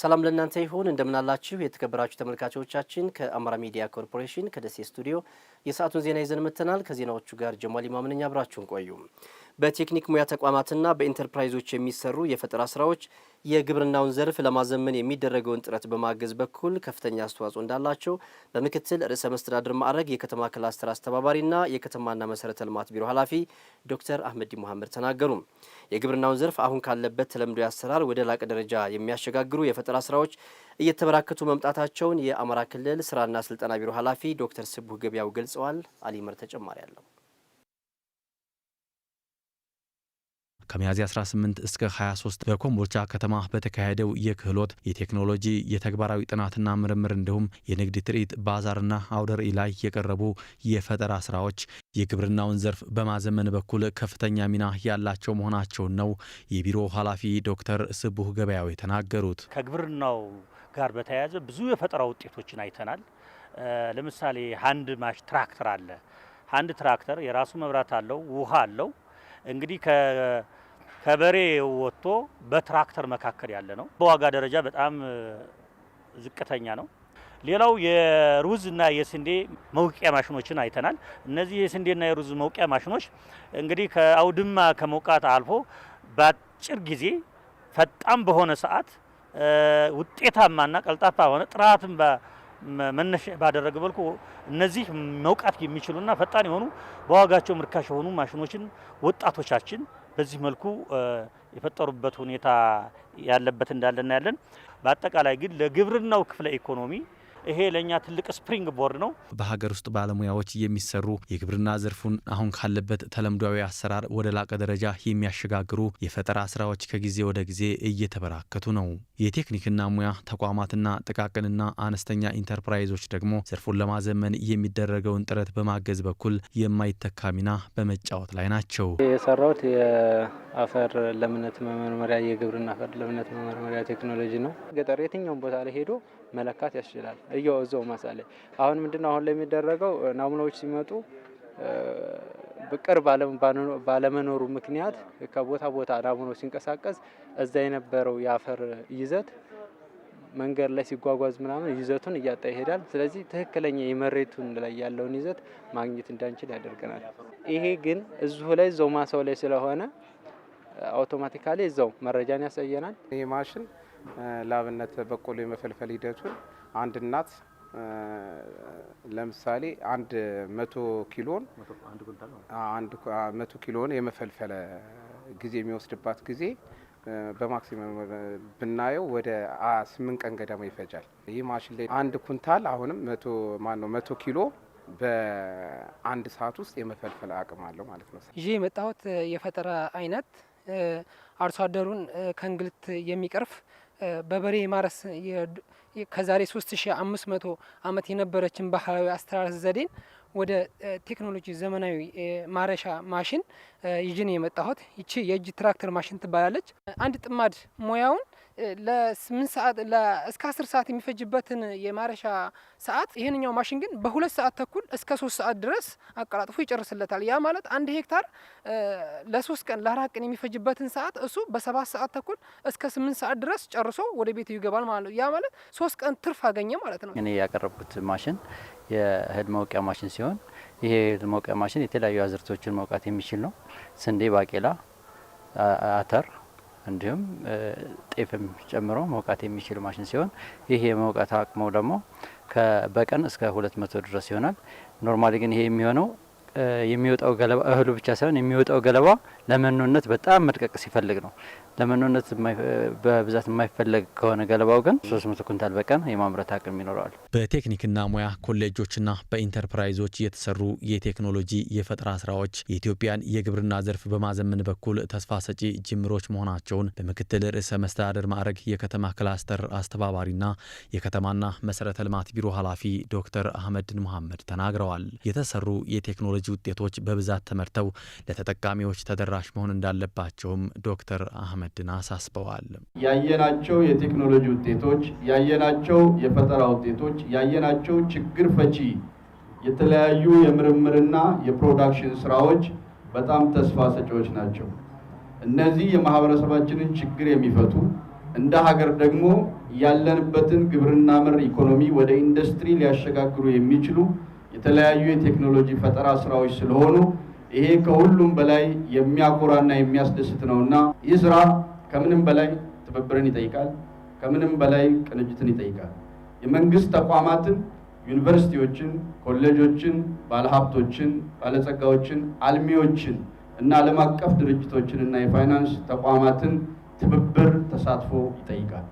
ሰላም ለእናንተ ይሁን። እንደምናላችሁ የተከበራችሁ ተመልካቾቻችን፣ ከአማራ ሚዲያ ኮርፖሬሽን ከደሴ ስቱዲዮ የሰዓቱን ዜና ይዘን መጥተናል። ከዜናዎቹ ጋር ጀማሊ ማምነኛ አብራችሁን ቆዩ። በቴክኒክ ሙያ ተቋማትና በኢንተርፕራይዞች የሚሰሩ የፈጠራ ስራዎች የግብርናውን ዘርፍ ለማዘመን የሚደረገውን ጥረት በማገዝ በኩል ከፍተኛ አስተዋጽኦ እንዳላቸው በምክትል ርዕሰ መስተዳድር ማዕረግ የከተማ ክላስተር አስተባባሪና የከተማና መሰረተ ልማት ቢሮ ኃላፊ ዶክተር አህመዲ መሐመድ ተናገሩ። የግብርናውን ዘርፍ አሁን ካለበት ተለምዶ አሰራር ወደ ላቀ ደረጃ የሚያሸጋግሩ የፈጠራ ስራዎች እየተበራከቱ መምጣታቸውን የአማራ ክልል ስራና ስልጠና ቢሮ ኃላፊ ዶክተር ስቡህ ገበያው ገልጸዋል። አሊመር ተጨማሪ አለው። ከሚያዝያ 18 እስከ 23 በኮምቦልቻ ከተማ በተካሄደው የክህሎት የቴክኖሎጂ የተግባራዊ ጥናትና ምርምር እንዲሁም የንግድ ትርኢት ባዛርና አውደ ርዕይ ላይ የቀረቡ የፈጠራ ስራዎች የግብርናውን ዘርፍ በማዘመን በኩል ከፍተኛ ሚና ያላቸው መሆናቸውን ነው የቢሮ ኃላፊ ዶክተር ስቡህ ገበያው የተናገሩት። ከግብርናው ጋር በተያያዘ ብዙ የፈጠራ ውጤቶችን አይተናል። ለምሳሌ ሀንድ ማሽ ትራክተር አለ። ሀንድ ትራክተር የራሱ መብራት አለው፣ ውሃ አለው። እንግዲህ ከበሬ ወጥቶ በትራክተር መካከል ያለ ነው። በዋጋ ደረጃ በጣም ዝቅተኛ ነው። ሌላው የሩዝ እና የስንዴ መውቂያ ማሽኖችን አይተናል። እነዚህ የስንዴና የሩዝ መውቂያ ማሽኖች እንግዲህ ከአውድማ ከመውቃት አልፎ በአጭር ጊዜ ፈጣን በሆነ ሰዓት ውጤታማና ቀልጣፋ ሆነ ጥራትን መነሻ ባደረገ መልኩ እነዚህ መውቃት የሚችሉና ፈጣን የሆኑ በዋጋቸው ምርካሽ የሆኑ ማሽኖችን ወጣቶቻችን በዚህ መልኩ የፈጠሩበት ሁኔታ ያለበት እንዳለ እናያለን። በአጠቃላይ ግን ለግብርናው ክፍለ ኢኮኖሚ ይሄ ለእኛ ትልቅ ስፕሪንግ ቦርድ ነው። በሀገር ውስጥ ባለሙያዎች የሚሰሩ የግብርና ዘርፉን አሁን ካለበት ተለምዷዊ አሰራር ወደ ላቀ ደረጃ የሚያሸጋግሩ የፈጠራ ስራዎች ከጊዜ ወደ ጊዜ እየተበራከቱ ነው። የቴክኒክና ሙያ ተቋማትና ጥቃቅንና አነስተኛ ኢንተርፕራይዞች ደግሞ ዘርፉን ለማዘመን የሚደረገውን ጥረት በማገዝ በኩል የማይተካ ሚና በመጫወት ላይ ናቸው። የሰራሁት የአፈር ለምነት መመርመሪያ የግብርና አፈር ለምነት መመርመሪያ ቴክኖሎጂ ነው። ገጠር የትኛውም ቦታ ላይ ሄዶ መለካት ያስችላል። እያው እዛው ማሳ ላይ አሁን ምንድነው አሁን ላይ የሚደረገው ናሙናዎች ሲመጡ ቅር ባለመኖሩ ምክንያት ከቦታ ቦታ ናሙናው ሲንቀሳቀስ እዛ የነበረው የአፈር ይዘት መንገድ ላይ ሲጓጓዝ ምናምን ይዘቱን እያጣ ይሄዳል። ስለዚህ ትክክለኛ የመሬቱን ላይ ያለውን ይዘት ማግኘት እንዳንችል ያደርገናል። ይሄ ግን እዚሁ ላይ እዛው ማሳው ላይ ስለሆነ አውቶማቲካሊ እዛው መረጃን ያሳየናል። ይህ ማሽን ለአብነት በቆሎ የመፈልፈል ሂደቱን አንድ እናት ለምሳሌ አንድ መቶ ኪሎን መቶ ኪሎን የመፈልፈለ ጊዜ የሚወስድባት ጊዜ በማክሲመም ብናየው ወደ ስምንት ቀን ገደማ ይፈጃል። ይህ ማሽን ላይ አንድ ኩንታል አሁንም መቶ ነው መቶ ኪሎ በአንድ ሰዓት ውስጥ የመፈልፈል አቅም አለው ማለት ነው። ይዤ የመጣሁት የፈጠራ አይነት አርሶ አደሩን ከእንግልት የሚቀርፍ በበሬ የማረስ ከዛሬ 3500 ዓመት የነበረችን ባህላዊ አስተራረስ ዘዴን ወደ ቴክኖሎጂ ዘመናዊ ማረሻ ማሽን ይዤ ነው የመጣሁት። ይቺ የእጅ ትራክተር ማሽን ትባላለች። አንድ ጥማድ ሙያውን ለስምንት ሰዓት እስከ አስር ሰዓት የሚፈጅበትን የማረሻ ሰዓት ይህንኛው ማሽን ግን በሁለት ሰዓት ተኩል እስከ ሶስት ሰዓት ድረስ አቀላጥፎ ይጨርስለታል። ያ ማለት አንድ ሄክታር ለሶስት ቀን ለአራት ቀን የሚፈጅበትን ሰዓት እሱ በሰባት ሰዓት ተኩል እስከ ስምንት ሰዓት ድረስ ጨርሶ ወደ ቤቱ ይገባል ማለት ነው። ያ ማለት ሶስት ቀን ትርፍ አገኘ ማለት ነው። እኔ ያቀረብኩት ማሽን የእህል መውቂያ ማሽን ሲሆን ይሄ የእህል መውቂያ ማሽን የተለያዩ አዝርቶችን መውቃት የሚችል ነው። ስንዴ፣ ባቄላ፣ አተር እንዲሁም ጤፍም ጨምሮ መውቃት የሚችል ማሽን ሲሆን ይህ የመውቃት አቅሙ ደግሞ በቀን እስከ ሁለት መቶ ድረስ ይሆናል። ኖርማሊ ግን ይሄ የሚሆነው የሚወጣው ገለባ እህሉ ብቻ ሳይሆን የሚወጣው ገለባ ለመኖነት በጣም መድቀቅ ሲፈልግ ነው። ለመኖነት በብዛት የማይፈለግ ከሆነ ገለባው ግን 300 ኩንታል በቀን የማምረት አቅም ይኖረዋል። በቴክኒክና ሙያ ኮሌጆችና በኢንተርፕራይዞች የተሰሩ የቴክኖሎጂ የፈጠራ ስራዎች የኢትዮጵያን የግብርና ዘርፍ በማዘመን በኩል ተስፋ ሰጪ ጅምሮች መሆናቸውን በምክትል ርዕሰ መስተዳደር ማዕረግ የከተማ ክላስተር አስተባባሪና የከተማና መሰረተ ልማት ቢሮ ኃላፊ ዶክተር አህመድን መሐመድ ተናግረዋል። የተሰሩ የቴክኖሎጂ ውጤቶች በብዛት ተመርተው ለተጠቃሚዎች ተደራሽ መሆን እንዳለባቸውም ዶክተር አህመድ መድን አሳስበዋል። ያየናቸው የቴክኖሎጂ ውጤቶች፣ ያየናቸው የፈጠራ ውጤቶች፣ ያየናቸው ችግር ፈቺ የተለያዩ የምርምርና የፕሮዳክሽን ስራዎች በጣም ተስፋ ሰጪዎች ናቸው። እነዚህ የማህበረሰባችንን ችግር የሚፈቱ እንደ ሀገር ደግሞ ያለንበትን ግብርና ምር ኢኮኖሚ ወደ ኢንዱስትሪ ሊያሸጋግሩ የሚችሉ የተለያዩ የቴክኖሎጂ ፈጠራ ስራዎች ስለሆኑ ይሄ ከሁሉም በላይ የሚያኮራና የሚያስደስት ነውና ይህ ስራ ከምንም በላይ ትብብርን ይጠይቃል። ከምንም በላይ ቅንጅትን ይጠይቃል። የመንግስት ተቋማትን፣ ዩኒቨርሲቲዎችን፣ ኮሌጆችን፣ ባለሀብቶችን፣ ባለጸጋዎችን፣ አልሚዎችን እና ዓለም አቀፍ ድርጅቶችን እና የፋይናንስ ተቋማትን ትብብር ተሳትፎ ይጠይቃል።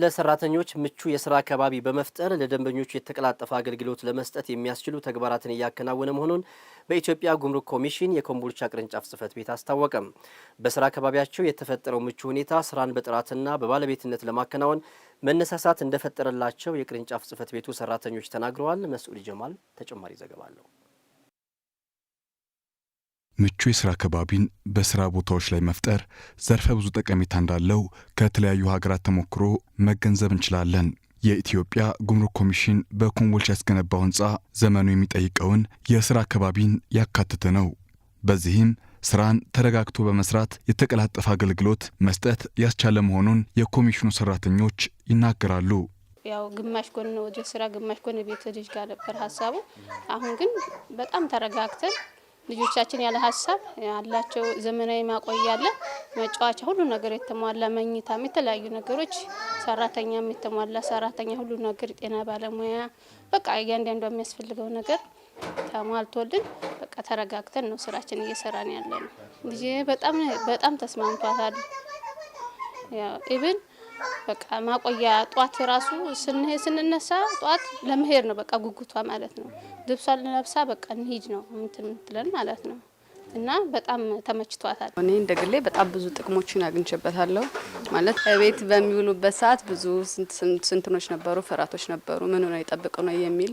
ለሰራተኞች ምቹ የስራ አካባቢ በመፍጠር ለደንበኞቹ የተቀላጠፈ አገልግሎት ለመስጠት የሚያስችሉ ተግባራትን እያከናወነ መሆኑን በኢትዮጵያ ጉምሩክ ኮሚሽን የኮምቦልቻ ቅርንጫፍ ጽህፈት ቤት አስታወቀም። በስራ አካባቢያቸው የተፈጠረው ምቹ ሁኔታ ስራን በጥራትና በባለቤትነት ለማከናወን መነሳሳት እንደፈጠረላቸው የቅርንጫፍ ጽህፈት ቤቱ ሰራተኞች ተናግረዋል። መስዑድ ጀማል ተጨማሪ ዘገባ አለው። ምቹ የስራ ከባቢን በስራ ቦታዎች ላይ መፍጠር ዘርፈ ብዙ ጠቀሜታ እንዳለው ከተለያዩ ሀገራት ተሞክሮ መገንዘብ እንችላለን። የኢትዮጵያ ጉምሩክ ኮሚሽን በኮምቦልቻ ያስገነባው ህንፃ ዘመኑ የሚጠይቀውን የስራ አካባቢን ያካተተ ነው። በዚህም ስራን ተረጋግቶ በመስራት የተቀላጠፈ አገልግሎት መስጠት ያስቻለ መሆኑን የኮሚሽኑ ሰራተኞች ይናገራሉ። ያው ግማሽ ጎን ወደ ስራ ግማሽ ጎን ቤት ልጅ ጋር ነበር ሀሳቡ። አሁን ግን በጣም ተረጋግተን ልጆቻችን ያለ ሀሳብ አላቸው። ዘመናዊ ማቆያ አለ፣ መጫወቻ፣ ሁሉ ነገር የተሟላ መኝታም፣ የተለያዩ ነገሮች ሰራተኛም የተሟላ ሰራተኛ፣ ሁሉ ነገር ጤና ባለሙያ፣ በቃ እያንዳንዱ የሚያስፈልገው ነገር ተሟልቶልን በቃ ተረጋግተን ነው ስራችን እየሰራን ያለ ነው። ልጄ በጣም በጣም ተስማምቷታል። ኢብን በቃ ማቆያ ጧት የራሱ ስንሄድ ስንነሳ ጧት ለመሄድ ነው በቃ ጉጉቷ ማለት ነው። ልብሷን ለብሳ በቃ እንሂድ ነው ምትለን ማለት ነው። እና በጣም ተመችቷታል። እኔ እንደ ግሌ በጣም ብዙ ጥቅሞችን አግኝቼበታለሁ። ማለት ቤት በሚውሉበት ሰዓት ብዙ ስንትኖች ነበሩ፣ ፍርሃቶች ነበሩ። ምን ነው ይጠብቅ ነው የሚል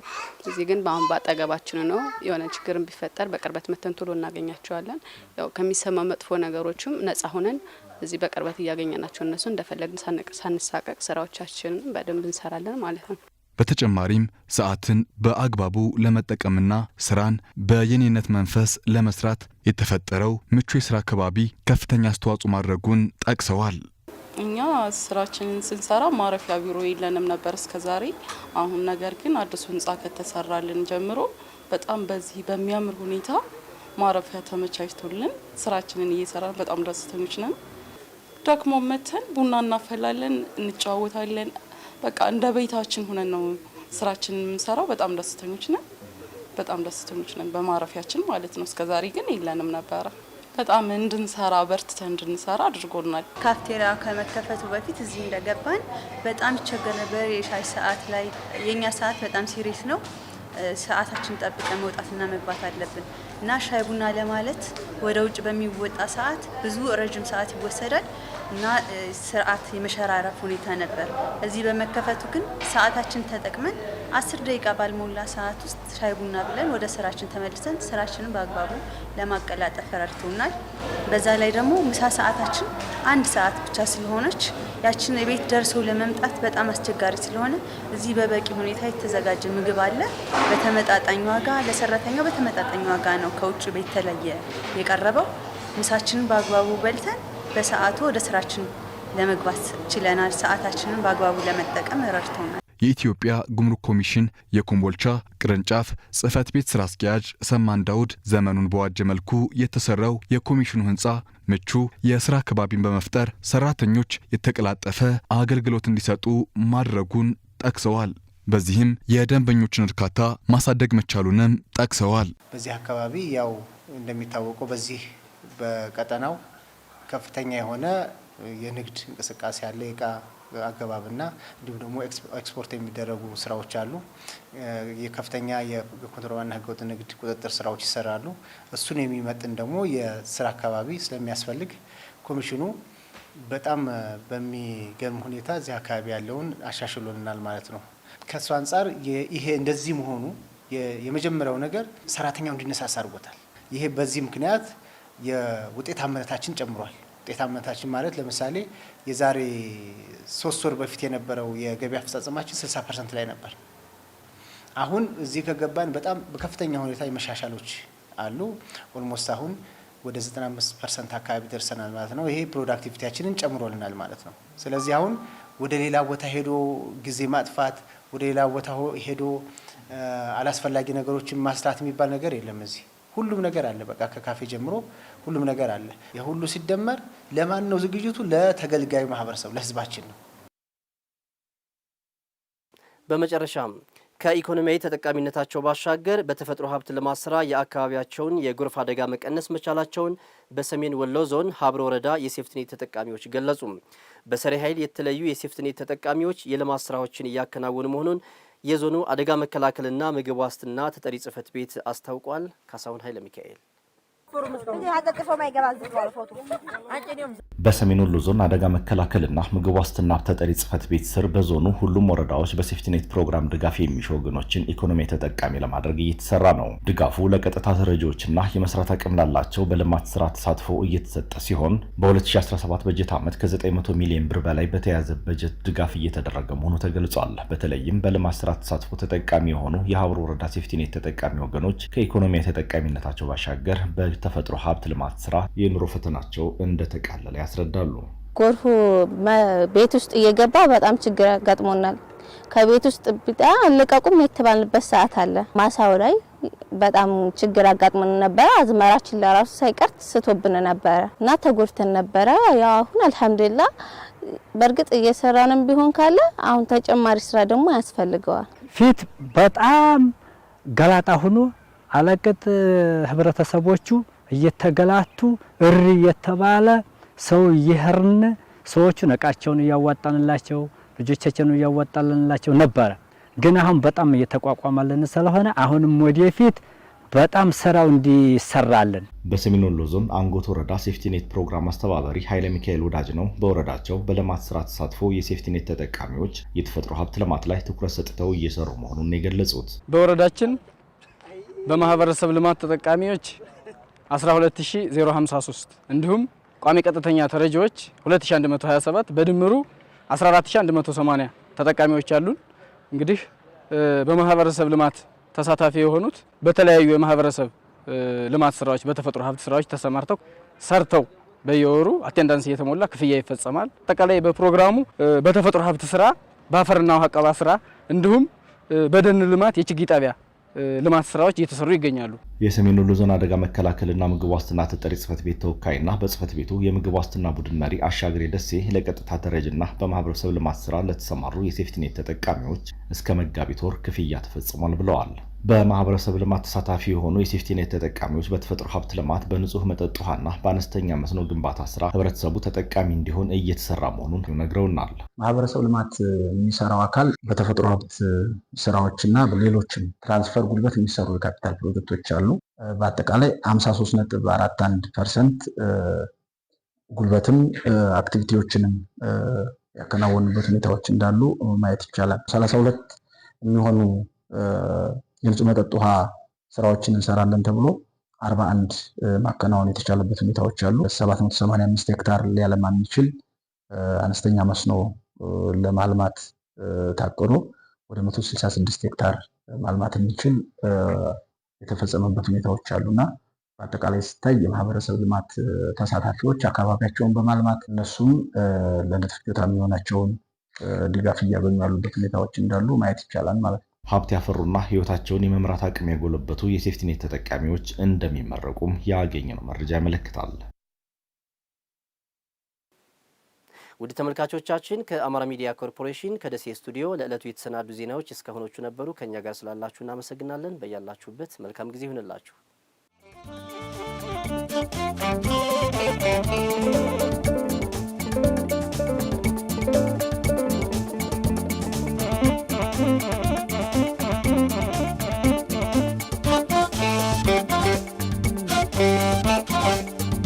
እዚህ ግን በአሁን በአጠገባችን ነው። የሆነ ችግርን ቢፈጠር በቅርበት መተንትሎ እናገኛቸዋለን። ያው ከሚሰማ መጥፎ ነገሮችም ነጻ ሆነን እዚህ በቅርበት እያገኘናቸው እነሱ እንደፈለግን ሳንሳቀቅ ስራዎቻችንን በደንብ እንሰራለን ማለት ነው። በተጨማሪም ሰዓትን በአግባቡ ለመጠቀምና ስራን በየኔነት መንፈስ ለመስራት የተፈጠረው ምቹ የስራ አካባቢ ከፍተኛ አስተዋጽኦ ማድረጉን ጠቅሰዋል። እኛ ስራችንን ስንሰራ ማረፊያ ቢሮ የለንም ነበር እስከዛሬ። አሁን ነገር ግን አዲሱ ህንፃ ከተሰራልን ጀምሮ በጣም በዚህ በሚያምር ሁኔታ ማረፊያ ተመቻችቶልን ስራችንን እየሰራን በጣም ደስተኞች ነን። ደክሞ መተን ቡና እናፈላለን፣ እንጨዋወታለን። በቃ እንደ ቤታችን ሁነን ነው ስራችንን የምንሰራው። በጣም ደስተኞች ነን፣ በጣም ደስተኞች ነን በማረፊያችን ማለት ነው። እስከዛሬ ግን የለንም ነበረ። በጣም እንድንሰራ በርትተን እንድንሰራ አድርጎናል። ካፍቴሪያ ከመከፈቱ በፊት እዚህ እንደገባን በጣም ይቸገር ነበር። የሻይ ሰዓት ላይ የእኛ ሰዓት በጣም ሲሪስ ነው። ሰዓታችን ጠብቀን መውጣትና መግባት አለብን እና ሻይ ቡና ለማለት ወደ ውጭ በሚወጣ ሰዓት ብዙ ረጅም ሰዓት ይወሰዳል። እና ስርዓት የመሸራረፍ ሁኔታ ነበር። እዚህ በመከፈቱ ግን ሰዓታችን ተጠቅመን አስር ደቂቃ ባልሞላ ሰዓት ውስጥ ሻይ ቡና ብለን ወደ ስራችን ተመልሰን ስራችንን በአግባቡ ለማቀላጠፍ ረድቶናል። በዛ ላይ ደግሞ ምሳ ሰዓታችን አንድ ሰዓት ብቻ ስለሆነች ያችን ቤት ደርሰው ለመምጣት በጣም አስቸጋሪ ስለሆነ እዚህ በበቂ ሁኔታ የተዘጋጀ ምግብ አለ። በተመጣጣኝ ዋጋ ለሰራተኛው በተመጣጣኝ ዋጋ ነው ከውጭ ቤት ተለየ የቀረበው። ምሳችንን በአግባቡ በልተን በሰዓቱ ወደ ስራችን ለመግባት ችለናል። ሰዓታችንን በአግባቡ ለመጠቀም ረድቶናል። የኢትዮጵያ ጉምሩክ ኮሚሽን የኮምቦልቻ ቅርንጫፍ ጽህፈት ቤት ስራ አስኪያጅ ሰማን ዳውድ ዘመኑን በዋጀ መልኩ የተሰራው የኮሚሽኑ ህንፃ ምቹ የስራ ከባቢን በመፍጠር ሰራተኞች የተቀላጠፈ አገልግሎት እንዲሰጡ ማድረጉን ጠቅሰዋል። በዚህም የደንበኞችን እርካታ ማሳደግ መቻሉንም ጠቅሰዋል። በዚህ አካባቢ ያው እንደሚታወቀው በዚህ በቀጠናው ከፍተኛ የሆነ የንግድ እንቅስቃሴ አለ። የእቃ አገባብና እንዲሁም ደግሞ ኤክስፖርት የሚደረጉ ስራዎች አሉ። የከፍተኛ የኮንትሮባንድና ህገወጥ ንግድ ቁጥጥር ስራዎች ይሰራሉ። እሱን የሚመጥን ደግሞ የስራ አካባቢ ስለሚያስፈልግ ኮሚሽኑ በጣም በሚገርም ሁኔታ እዚህ አካባቢ ያለውን አሻሽሎልናል ማለት ነው። ከእሱ አንጻር ይሄ እንደዚህ መሆኑ የመጀመሪያው ነገር ሰራተኛው እንዲነሳሳ አድርጎታል። ይሄ በዚህ ምክንያት የውጤታማነታችን ጨምሯል። ውጤታማነታችን ማለት ለምሳሌ የዛሬ ሶስት ወር በፊት የነበረው የገበያ አፈጻጸማችን 60 ፐርሰንት ላይ ነበር። አሁን እዚህ ከገባን በጣም በከፍተኛ ሁኔታ የመሻሻሎች አሉ። ኦልሞስት አሁን ወደ 95 ፐርሰንት አካባቢ ደርሰናል ማለት ነው። ይሄ ፕሮዳክቲቪቲያችንን ጨምሮልናል ማለት ነው። ስለዚህ አሁን ወደ ሌላ ቦታ ሄዶ ጊዜ ማጥፋት፣ ወደ ሌላ ቦታ ሄዶ አላስፈላጊ ነገሮችን ማስራት የሚባል ነገር የለም እዚህ ሁሉም ነገር አለ። በቃ ከካፌ ጀምሮ ሁሉም ነገር አለ። የሁሉ ሲደመር ለማን ነው ዝግጅቱ? ለተገልጋዩ ማህበረሰብ ለህዝባችን ነው። በመጨረሻም ከኢኮኖሚያዊ ተጠቃሚነታቸው ባሻገር በተፈጥሮ ሀብት ልማት ስራ የአካባቢያቸውን የጎርፍ አደጋ መቀነስ መቻላቸውን በሰሜን ወሎ ዞን ሀብሮ ወረዳ የሴፍትኔት ተጠቃሚዎች ገለጹ። በሰሬ ኃይል የተለዩ የሴፍትኔት ተጠቃሚዎች የልማት ስራዎችን እያከናወኑ መሆኑን የዞኑ አደጋ መከላከልና ምግብ ዋስትና ተጠሪ ጽህፈት ቤት አስታውቋል። ካሳሁን ኃይለ ሚካኤል በሰሜን ወሎ ዞን አደጋ መከላከልና ምግብ ዋስትና ተጠሪ ጽህፈት ቤት ስር በዞኑ ሁሉም ወረዳዎች በሴፍቲኔት ፕሮግራም ድጋፍ የሚሹ ወገኖችን ኢኮኖሚ ተጠቃሚ ለማድረግ እየተሰራ ነው። ድጋፉ ለቀጥታ ተረጂዎችና የመስራት አቅም ላላቸው በልማት ስራ ተሳትፎ እየተሰጠ ሲሆን በ2017 በጀት ዓመት ከ900 ሚሊዮን ብር በላይ በተያዘ በጀት ድጋፍ እየተደረገ መሆኑ ተገልጿል። በተለይም በልማት ስራ ተሳትፎ ተጠቃሚ የሆኑ የሀብሩ ወረዳ ሴፍቲኔት ተጠቃሚ ወገኖች ከኢኮኖሚ ተጠቃሚነታቸው ባሻገር በ ተፈጥሮ ሀብት ልማት ስራ የኑሮ ፈተናቸው እንደተቃለለ ያስረዳሉ። ጎርፉ ቤት ውስጥ እየገባ በጣም ችግር ያጋጥሞናል። ከቤት ውስጥ ልቀቁም የተባልንበት ሰዓት አለ። ማሳው ላይ በጣም ችግር አጋጥሞን ነበረ። አዝመራችን ለራሱ ሳይቀር ስቶብን ነበረ እና ተጎድተን ነበረ። ያው አሁን አልሐምዱሊላ በእርግጥ እየሰራንም ቢሆን ካለ አሁን ተጨማሪ ስራ ደግሞ ያስፈልገዋል። ፊት በጣም ገላጣ ሆኖ አለቅጥ ህብረተሰቦቹ እየተገላቱ እሪ እየተባለ ሰው እየሄርን ሰዎቹን እቃቸውን እያዋጣንላቸው ልጆቻቸውን እያዋጣልንላቸው ነበረ። ግን አሁን በጣም እየተቋቋማልን ስለሆነ አሁንም ወደፊት በጣም ስራው እንዲሰራልን በሰሜን ወሎ ዞን አንጎት ወረዳ ሴፍቲኔት ፕሮግራም አስተባባሪ ኃይለ ሚካኤል ወዳጅ ነው። በወረዳቸው በልማት ስራ ተሳትፎ የሴፍቲኔት ተጠቃሚዎች የተፈጥሮ ሀብት ልማት ላይ ትኩረት ሰጥተው እየሰሩ መሆኑን የገለጹት በወረዳችን በማህበረሰብ ልማት ተጠቃሚዎች 12053 እንዲሁም ቋሚ ቀጥተኛ ተረጂዎች 2127 በድምሩ 14180 ተጠቃሚዎች አሉን። እንግዲህ በማህበረሰብ ልማት ተሳታፊ የሆኑት በተለያዩ የማህበረሰብ ልማት ስራዎች፣ በተፈጥሮ ሀብት ስራዎች ተሰማርተው ሰርተው በየወሩ አቴንዳንስ እየተሞላ ክፍያ ይፈጸማል። አጠቃላይ በፕሮግራሙ በተፈጥሮ ሀብት ስራ፣ በአፈርና ውሃ አቀባ ስራ እንዲሁም በደን ልማት የችግኝ ጣቢያ ልማት ስራዎች እየተሰሩ ይገኛሉ። የሰሜን ወሎ ዞን አደጋ መከላከልና ምግብ ዋስትና ተጠሪ ጽህፈት ቤት ተወካይና በጽህፈት ቤቱ የምግብ ዋስትና ቡድን መሪ አሻግሬ ደሴ ለቀጥታ ተረጅና በማህበረሰብ ልማት ስራ ለተሰማሩ የሴፍቲኔት ተጠቃሚዎች እስከ መጋቢት ወር ክፍያ ተፈጽሟል ብለዋል። በማህበረሰብ ልማት ተሳታፊ የሆኑ የሴፍቲኔት ተጠቃሚዎች በተፈጥሮ ሀብት ልማት በንጹህ መጠጥ ውሃና በአነስተኛ መስኖ ግንባታ ስራ ህብረተሰቡ ተጠቃሚ እንዲሆን እየተሰራ መሆኑን ነግረውናል። ማህበረሰብ ልማት የሚሰራው አካል በተፈጥሮ ሀብት ስራዎችና በሌሎችም ትራንስፈር ጉልበት የሚሰሩ የካፒታል ፕሮጀክቶች አሉ። በአጠቃላይ 53.41 ፐርሰንት ጉልበትም አክቲቪቲዎችንም ያከናወኑበት ሁኔታዎች እንዳሉ ማየት ይቻላል። 32 የሚሆኑ የንጹህ መጠጥ ውሃ ስራዎችን እንሰራለን ተብሎ አርባ አንድ ማከናወን የተቻለበት ሁኔታዎች አሉ። ሰባት መቶ ሰማንያ አምስት ሄክታር ሊያለማ የሚችል አነስተኛ መስኖ ለማልማት ታቅዶ ወደ መቶ ስልሳ ስድስት ሄክታር ማልማት የሚችል የተፈጸመበት ሁኔታዎች እና በአጠቃላይ ሲታይ የማህበረሰብ ልማት ተሳታፊዎች አካባቢያቸውን በማልማት እነሱም ለንጥፍ ፍጆታ የሚሆናቸውን ድጋፍ እያገኙ ያሉበት ሁኔታዎች እንዳሉ ማየት ይቻላል ማለት ነው። ሀብት ያፈሩና ህይወታቸውን የመምራት አቅም የጎለበቱ የሴፍቲኔት ተጠቃሚዎች እንደሚመረቁም ያገኘነው መረጃ ያመለክታል። ውድ ተመልካቾቻችን ከአማራ ሚዲያ ኮርፖሬሽን ከደሴ ስቱዲዮ ለዕለቱ የተሰናዱ ዜናዎች እስካሁኖቹ ነበሩ። ከእኛ ጋር ስላላችሁ እናመሰግናለን። በያላችሁበት መልካም ጊዜ ይሁንላችሁ።